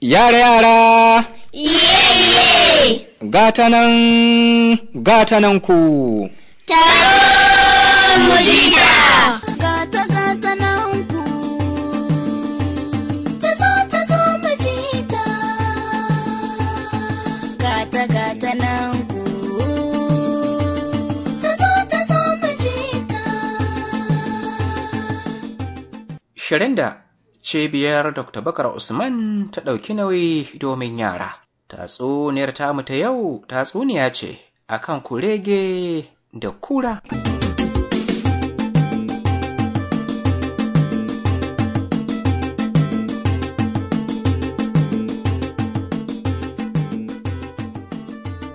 Yara yara! Iye Gata nan, gata nan ku! Taro mujita. jita! Gata gata nan ku! Tazo tazo mujita. jita! Gata gata nan ku! Tazo tazo mujita. jita! cibiyar dr bakar usman ta ɗauki nauyi domin yara tatsuniyar tamu ta yau tatsuniya ce akan kurege da kura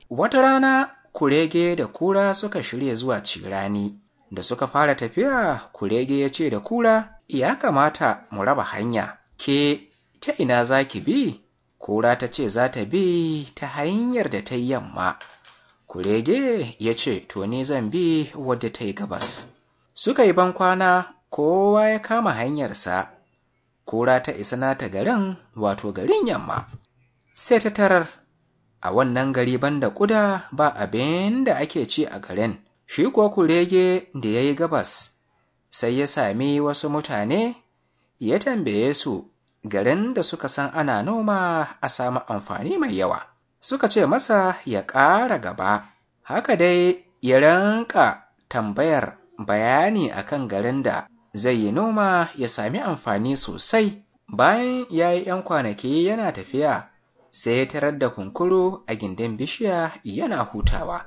wata rana kurege da kura suka shirya zuwa cirani da suka fara tafiya kurege ya ce da kura ya kamata mu raba hanya, ke ta ina za ki bi? Kura ta ce za ta bi ta hanyar da ta yi yamma. Kurege ya ce, To ne zan bi wadda ta yi gabas. Suka yi bankwana kowa ya kama hanyarsa, kura ta isa nata garin wato garin yamma. Sai ta tarar, a wannan gari banda kuda ba abin da ake ci a garin, shi kuwa kurege da ya yi gabas. sai ya sami wasu mutane ya tambaye su garin da suka san ana noma a samu amfani mai yawa suka ce masa ya ƙara gaba haka dai ya ranka tambayar bayani akan garin da zai yi noma ya sami amfani sosai bayan ya yi ‘yan kwanaki yana tafiya sai ya tarar da kunkuru a gindin bishiya yana hutawa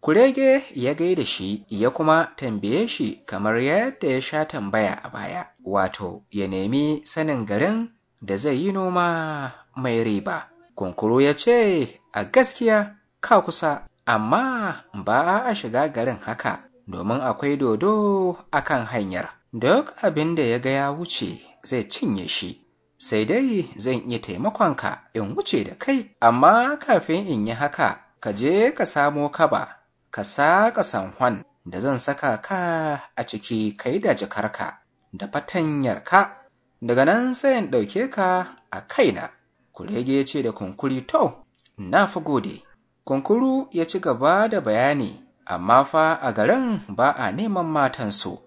Kurege ya gaida shi ya kuma tambaye shi kamar yadda ya sha tambaya a baya, wato ya nemi sanin garin da zai yi noma mai riba. Kunkuru ya ce, A gaskiya, ka kusa, amma ba a shiga garin haka, domin akwai dodo a kan hanyar. Duk abin da ya ga ya wuce zai cinye shi, sai dai zan iya taimakonka in wuce da kai, amma kafin in yi haka, ka je ka samo kaba. ka saƙa sanhon da zan saka ka a ciki kai da jakarka da fatanyarka daga nan sai in ɗauke ka a kaina kurege ya ce da kunkuri to na fi gode kunkuru ya ci gaba da bayani amma fa a garin ba a neman matansu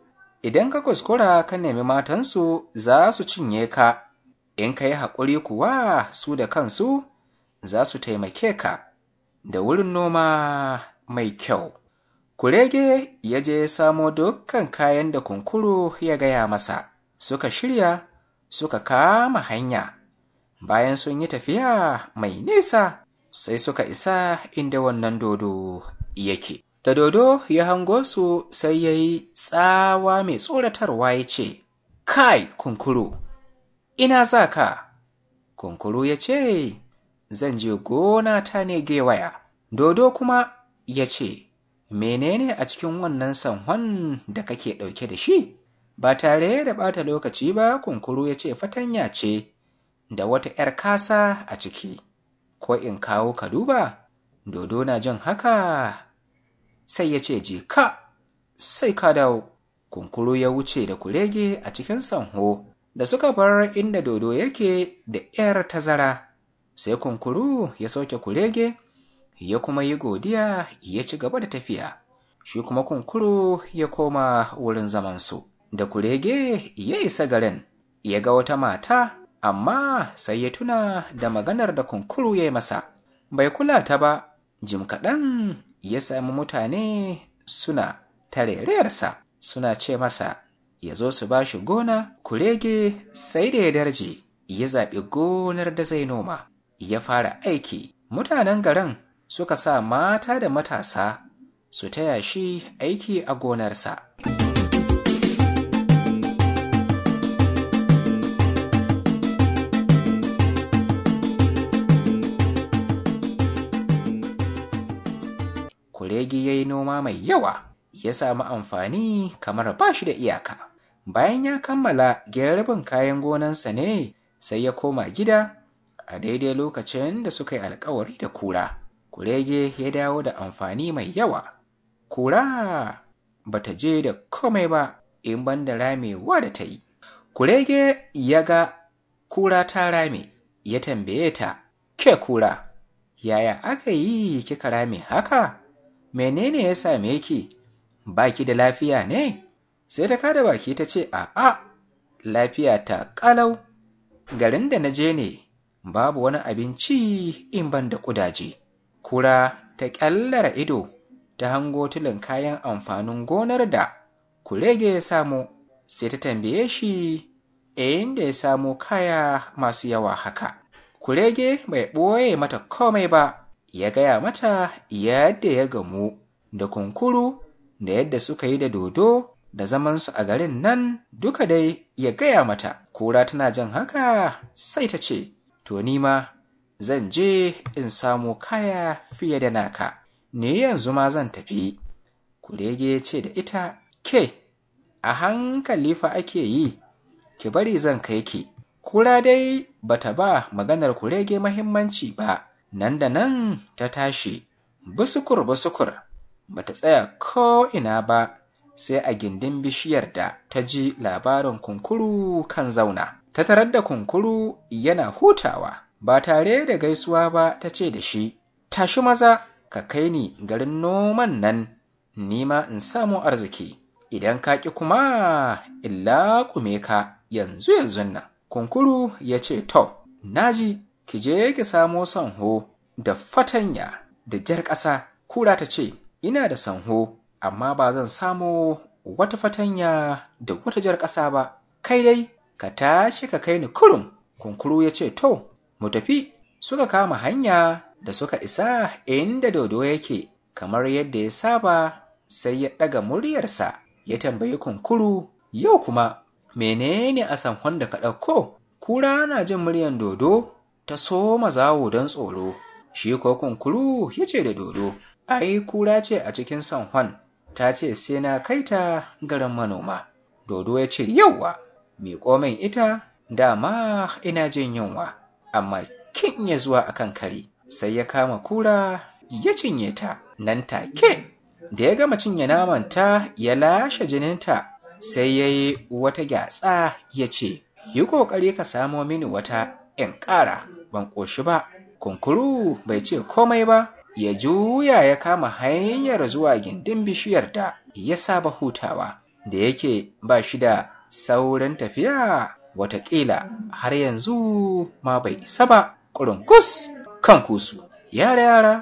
idan ka kuskura ka nemi matansu za su cinye ka in ka yi haƙuri kuwa su da kansu za su taimake ka da wurin noma mai kyau. Kurege ya je ya samo dukkan kayan da kunkuru ya gaya masa, suka shirya, suka kama hanya. Bayan sun yi tafiya mai nisa, sai suka isa inda wannan dodo yake. Da dodo ya hango su sai ya yi tsawa mai tsoratarwa ya ce, Kai, kunkuru, ina za ka? Kunkuru ya ce, Zan je gona ta ne gewaya. Dodo kuma ya ce, Menene a cikin wannan sanhon da kake ɗauke da shi? Ba tare da ɓata lokaci ba kunkuru ya ce fatanya ce da wata ‘yar kasa a ciki, ko in kawo ka duba, dodo na jin haka sai ya ce ji ka, sai ka dawo. Kunkuru ya wuce da kurege a cikin sanho da suka bar inda dodo yake da ‘yar tazara, sai kunkuru ya sauke kurege ya kuma yi godiya ya ci gaba da tafiya shi kuma kunkuru ya koma wurin zamansu da kurege ya isa garin ya ga wata mata amma sai ya tuna da maganar da kunkuru ya yi masa bai kula ta ba jim kaɗan ya sami mutane suna tarerayarsa suna ce masa ya zo su ba shi gona kurege sai da ya darje ya zaɓi gonar da zai noma ya fara aiki mutanen garin suka sa mata da matasa su taya shi aiki a gonarsa. Kuregi ya yi noma mai yawa, ya samu amfani kamar ba shi da iyaka. Bayan ya kammala gyararrabin kayan gonansa ne sai ya koma gida a daidai lokacin da suka yi alkawari da kura. kurege ya dawo da amfani mai yawa kura ba ta je da komai ba in ban da ramewa da ta yi kurege ya ga kura ta rame ya tambaye ta ke kura yaya aka yi kika rame haka menene ya same ki baki da lafiya ne sai ta kada baki ta ce a'a lafiya ta ƙalau. garin da na je ne babu wani abinci in ban da kudaje kura ta ƙyallara ido ta hango tulin kayan amfanin gonar da kurege ya samu sai ta tambaye shi eh, inda ya samu kaya masu yawa haka. Kurege bai ɓoye mata komai ba, ya gaya mata yadda ya gamu da kunkuru da yadda suka yi da dodo da zamansu a garin nan duka dai ya gaya mata. Kura tana jan haka sai ta ce, To nima zan je in samo kaya fiye da naka, ni yanzu ma zan tafi. Kurege ce da ita, ke, a hankali fa ake yi, ki bari zan kai ki. Kura dai bata ba maganar kurege mahimmanci ba, nan da nan ta tashi, busukur busukur, bata tsaya ko ina ba. sai a gindin bishiyar da ta ji labarin kunkuru kan zauna. Ta tarar da kunkuru yana hutawa. ba tare da gaisuwa ba ta ce da shi tashi maza ka kai ni garin noman nan nima in samu arziki idan ka ƙi kuma illa kume ka yanzu yanzu nan kunkuru ya ce to naji ki je ki samo sanho da fatanya da jar ƙasa kura ta ce ina da sanho amma ba zan samo wata fatanya da wata jar ƙasa ba kai dai ka tashi ka kai ni kurum kunkuru ya ce to mu tafi suka kama hanya da suka isa inda dodo yake kamar yadda ya saba sai ya ɗaga muryarsa ya tambayi kunkuru yau kuma menene a sankon da ka ɗauko kura na jin muryar dodo ta soma zawo don tsoro shi ko kunkuru ya ce da dodo ai kura ce a cikin sanhon ta ce sai na kai ta garin manoma dodo ya ce yauwa miƙo min ita dama ina jin yunwa amma kin ya zuwa a kan kare sai ya kama kura ya cinye ta nan take da ya gama cinye naman ta ya lashe jininta sai ya yi wata gyatsa ya ce yi ƙoƙari ka samo mini wata ‘yan ƙara ban ƙoshi ba kunkuru bai ce komai ba ya juya ya kama hanyar zuwa gindin bishiyar da ya saba hutawa da yake ba shi da saurin tafiya wataƙila har yanzu ma bai isa ba ƙurunkus kan kusu yara yara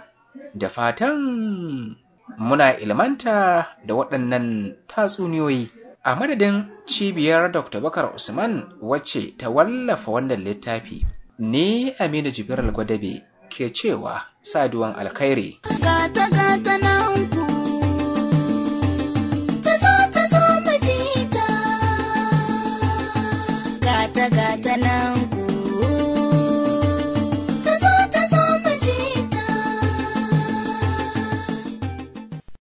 da fatan muna ilmanta da waɗannan tatsuniyoyi a madadin cibiyar dr bakar usman wacce ta wallafa wannan littafi Ni aminu jibiral gwadabe ke cewa saduwan alkhairi gata